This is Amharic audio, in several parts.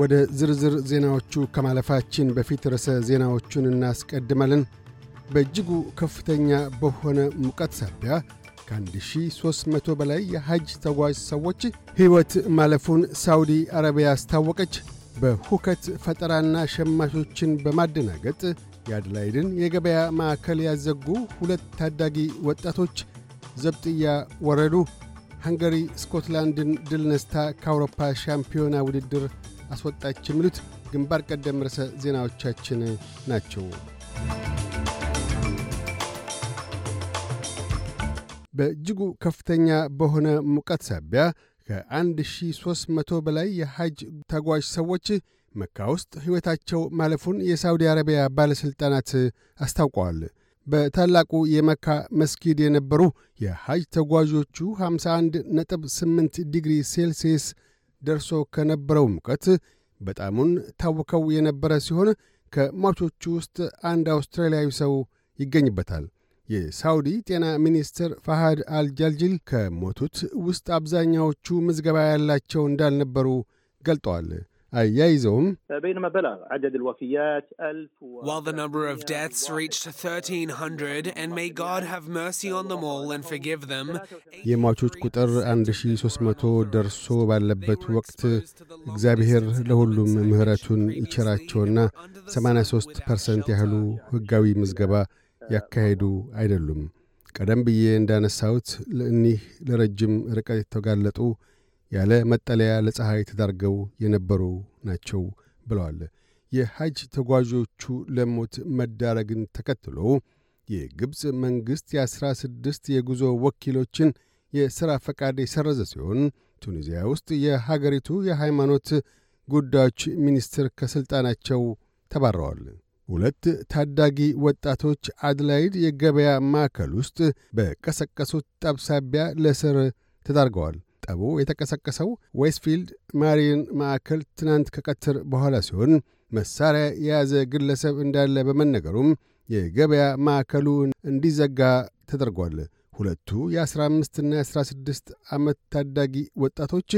ወደ ዝርዝር ዜናዎቹ ከማለፋችን በፊት ርዕሰ ዜናዎቹን እናስቀድማለን። በእጅጉ ከፍተኛ በሆነ ሙቀት ሳቢያ ከ1300 በላይ የሐጅ ተጓዥ ሰዎች ሕይወት ማለፉን ሳውዲ አረቢያ አስታወቀች። በሁከት ፈጠራና ሸማቾችን በማደናገጥ የአድላይድን የገበያ ማዕከል ያዘጉ ሁለት ታዳጊ ወጣቶች ዘብጥያ ወረዱ። ሃንገሪ ስኮትላንድን ድል ነስታ ከአውሮፓ ሻምፒዮና ውድድር አስወጣች የሚሉት ግንባር ቀደም ርዕሰ ዜናዎቻችን ናቸው። በእጅጉ ከፍተኛ በሆነ ሙቀት ሳቢያ ከ1300 በላይ የሐጅ ተጓዥ ሰዎች መካ ውስጥ ሕይወታቸው ማለፉን የሳውዲ አረቢያ ባለሥልጣናት አስታውቀዋል። በታላቁ የመካ መስጊድ የነበሩ የሐጅ ተጓዦቹ 51 8 ዲግሪ ሴልሲየስ ደርሶ ከነበረው ሙቀት በጣሙን ታውከው የነበረ ሲሆን ከሟቾቹ ውስጥ አንድ አውስትራሊያዊ ሰው ይገኝበታል። የሳውዲ ጤና ሚኒስትር ፋሃድ አልጃልጅል ከሞቱት ውስጥ አብዛኛዎቹ ምዝገባ ያላቸው እንዳልነበሩ ገልጠዋል። አያይዘውም የሟቾች ቁጥር 1300 ደርሶ ባለበት ወቅት እግዚአብሔር ለሁሉም ምሕረቱን ይቸራቸውና 83 ፐርሰንት ያህሉ ሕጋዊ ምዝገባ ያካሄዱ አይደሉም። ቀደም ብዬ እንዳነሳሁት ለእኒህ ለረጅም ርቀት የተጋለጡ ያለ መጠለያ ለፀሐይ ተዳርገው የነበሩ ናቸው ብለዋል። የሐጅ ተጓዦቹ ለሞት መዳረግን ተከትሎ የግብፅ መንግሥት የአሥራ ስድስት የጉዞ ወኪሎችን የሥራ ፈቃድ የሰረዘ ሲሆን ቱኒዚያ ውስጥ የሀገሪቱ የሃይማኖት ጉዳዮች ሚኒስትር ከሥልጣናቸው ተባረዋል። ሁለት ታዳጊ ወጣቶች አድላይድ የገበያ ማዕከል ውስጥ በቀሰቀሱት ጠብ ሳቢያ ለእስር ተዳርገዋል። ጠቡ የተቀሰቀሰው ዌስትፊልድ ማሪን ማዕከል ትናንት ከቀትር በኋላ ሲሆን መሳሪያ የያዘ ግለሰብ እንዳለ በመነገሩም የገበያ ማዕከሉ እንዲዘጋ ተደርጓል። ሁለቱ የ15ና የ16 ዓመት ታዳጊ ወጣቶች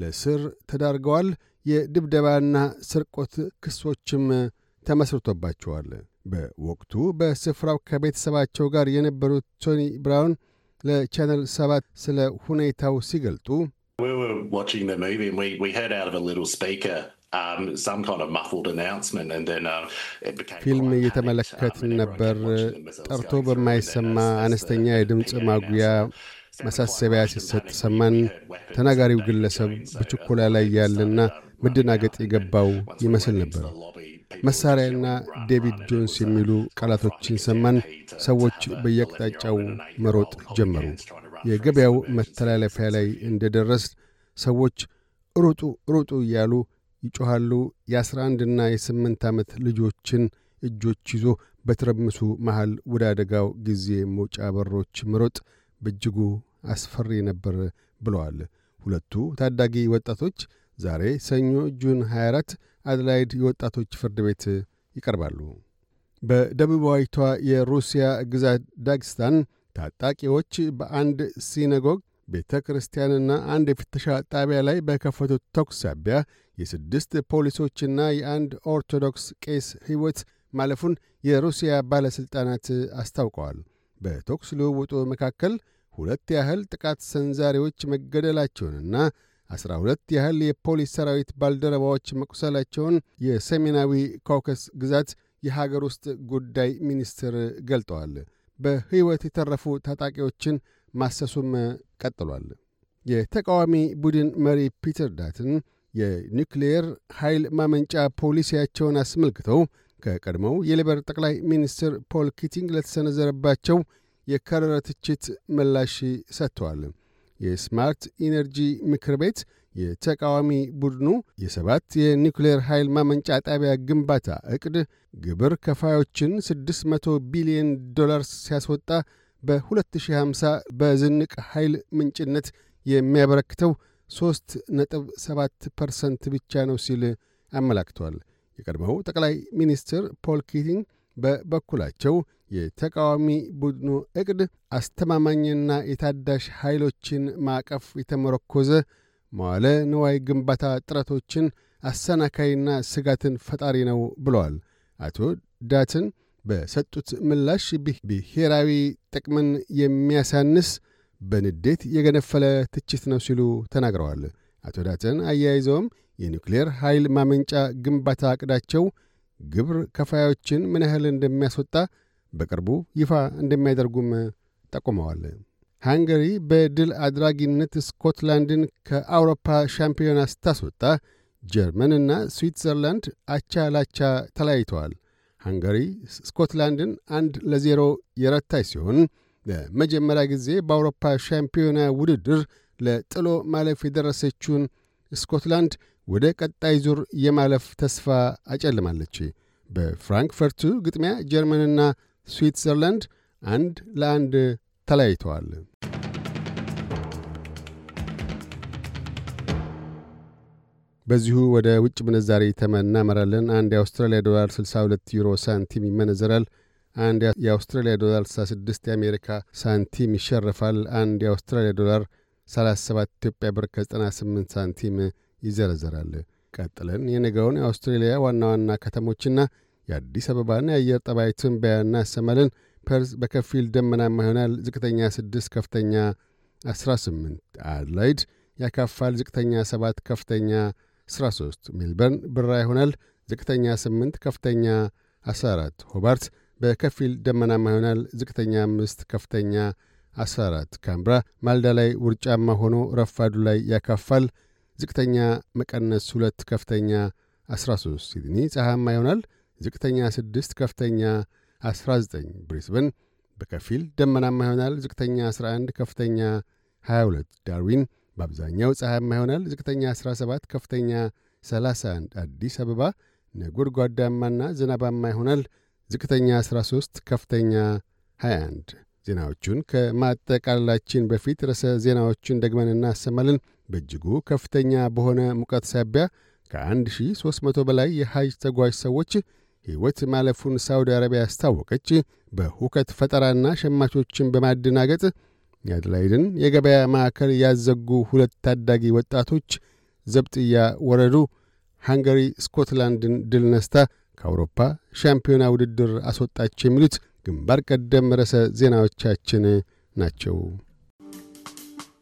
ለስር ተዳርገዋል። የድብደባና ስርቆት ክሶችም ተመስርቶባቸዋል። በወቅቱ በስፍራው ከቤተሰባቸው ጋር የነበሩት ቶኒ ብራውን ለቻነል ሰባት ስለ ሁኔታው ሲገልጡ ፊልም እየተመለከትን ነበር። ጠርቶ በማይሰማ አነስተኛ የድምፅ ማጉያ ማሳሰቢያ ሲሰጥ ሰማን። ተናጋሪው ግለሰብ በችኮላ ላይ ያለና መደናገጥ የገባው ይመስል ነበር። መሣሪያና ዴቪድ ጆንስ የሚሉ ቃላቶችን ሰማን። ሰዎች በየአቅጣጫው መሮጥ ጀመሩ። የገበያው መተላለፊያ ላይ እንደደረስ ሰዎች ሩጡ ሩጡ እያሉ ይጮኻሉ። የአስራ አንድና የስምንት ዓመት ልጆችን እጆች ይዞ በትረምሱ መሃል ወደ አደጋው ጊዜ መውጫ በሮች መሮጥ በእጅጉ አስፈሪ ነበር ብለዋል። ሁለቱ ታዳጊ ወጣቶች ዛሬ ሰኞ ጁን 24 አደላይድ የወጣቶች ፍርድ ቤት ይቀርባሉ። በደቡባዊቷ የሩሲያ ግዛት ዳግስታን ታጣቂዎች በአንድ ሲነጎግ ቤተ ክርስቲያንና አንድ የፍተሻ ጣቢያ ላይ በከፈቱት ተኩስ ሳቢያ የስድስት ፖሊሶችና የአንድ ኦርቶዶክስ ቄስ ሕይወት ማለፉን የሩሲያ ባለሥልጣናት አስታውቀዋል። በተኩስ ልውውጡ መካከል ሁለት ያህል ጥቃት ሰንዛሪዎች መገደላቸውንና ሁለት ያህል የፖሊስ ሰራዊት ባልደረባዎች መቁሰላቸውን የሰሜናዊ ካውከስ ግዛት የሀገር ውስጥ ጉዳይ ሚኒስትር ገልጠዋል። በሕይወት የተረፉ ታጣቂዎችን ማሰሱም ቀጥሏል። የተቃዋሚ ቡድን መሪ ፒተር ዳትን የኒውክሌየር ኃይል ማመንጫ ፖሊሲያቸውን አስመልክተው ከቀድሞው የሊበር ጠቅላይ ሚኒስትር ፖል ኪቲንግ ለተሰነዘረባቸው የከረረ ትችት ምላሽ ሰጥተዋል። የስማርት ኢነርጂ ምክር ቤት የተቃዋሚ ቡድኑ የሰባት የኒውክሌር ኃይል ማመንጫ ጣቢያ ግንባታ ዕቅድ ግብር ከፋዮችን 600 ቢሊዮን ዶላር ሲያስወጣ በ2050 በዝንቅ ኃይል ምንጭነት የሚያበረክተው 3.7 ፐርሰንት ብቻ ነው ሲል አመላክቷል። የቀድሞው ጠቅላይ ሚኒስትር ፖል ኪቲንግ በበኩላቸው የተቃዋሚ ቡድኑ እቅድ አስተማማኝና የታዳሽ ኃይሎችን ማዕቀፍ የተመረኮዘ መዋለ ንዋይ ግንባታ ጥረቶችን አሰናካይና ስጋትን ፈጣሪ ነው ብለዋል። አቶ ዳትን በሰጡት ምላሽ ብሔራዊ ጥቅምን የሚያሳንስ በንዴት የገነፈለ ትችት ነው ሲሉ ተናግረዋል። አቶ ዳትን አያይዘውም የኒውክሌር ኃይል ማመንጫ ግንባታ አቅዳቸው ግብር ከፋዮችን ምን ያህል እንደሚያስወጣ በቅርቡ ይፋ እንደሚያደርጉም ጠቁመዋል። ሃንገሪ በድል አድራጊነት ስኮትላንድን ከአውሮፓ ሻምፒዮና ስታስወጣ ጀርመንና ስዊትዘርላንድ አቻ ላቻ ተለያይተዋል። ሃንገሪ ስኮትላንድን አንድ ለዜሮ የረታች ሲሆን ለመጀመሪያ ጊዜ በአውሮፓ ሻምፒዮና ውድድር ለጥሎ ማለፍ የደረሰችውን ስኮትላንድ ወደ ቀጣይ ዙር የማለፍ ተስፋ አጨልማለች። በፍራንክፈርቱ ግጥሚያ ጀርመንና ስዊትዘርላንድ አንድ ለአንድ ተለያይተዋል። በዚሁ ወደ ውጭ ምንዛሪ ተመን እናመራለን። አንድ የአውስትራሊያ ዶላር 62 ዩሮ ሳንቲም ይመነዘራል። አንድ የአውስትራሊያ ዶላር 66 የአሜሪካ ሳንቲም ይሸርፋል። አንድ የአውስትራሊያ ዶላር 37 ኢትዮጵያ ብር ከ98 ሳንቲም ይዘረዘራል። ቀጥለን የነገውን የአውስትሬልያ ዋና ዋና ከተሞችና የአዲስ አበባን የአየር ጠባይ ትንበያና ያሰማልን። ፐርዝ በከፊል ደመናማ ይሆናል። ዝቅተኛ 6 ከፍተኛ 18። አድላይድ ያካፋል። ዝቅተኛ 7 ከፍተኛ 13። ሜልበርን ብራ ይሆናል። ዝቅተኛ 8 ከፍተኛ 14። ሆባርት በከፊል ደመናማ ይሆናል። ዝቅተኛ 5 ከፍተኛ 14። ካምብራ ማልዳ ላይ ውርጫማ ሆኖ ረፋዱ ላይ ያካፋል። ዝቅተኛ መቀነስ 2 ከፍተኛ 13 ሲድኒ ፀሐማ ይሆናል። ዝቅተኛ 6 ከፍተኛ 19 ብሪስበን በከፊል ደመናማ ይሆናል። ዝቅተኛ 11 ከፍተኛ 22 ዳርዊን በአብዛኛው ፀሐማ ይሆናል። ዝቅተኛ 17 ከፍተኛ 31 አዲስ አበባ ነጎድጓዳማና ዝናባማ ይሆናል። ዝቅተኛ 13 ከፍተኛ 21 ዜናዎቹን ከማጠቃለላችን በፊት ርዕሰ ዜናዎቹን ደግመን እናሰማለን። በእጅጉ ከፍተኛ በሆነ ሙቀት ሳቢያ ከ1300 በላይ የሐጅ ተጓዥ ሰዎች ሕይወት ማለፉን ሳውዲ አረቢያ አስታወቀች። በሁከት ፈጠራና ሸማቾችን በማደናገጥ የአድላይድን የገበያ ማዕከል ያዘጉ ሁለት ታዳጊ ወጣቶች ዘብጥያ ወረዱ። ሃንገሪ ስኮትላንድን ድል ነስታ ከአውሮፓ ሻምፒዮና ውድድር አስወጣች። የሚሉት ግንባር ቀደም ርዕሰ ዜናዎቻችን ናቸው።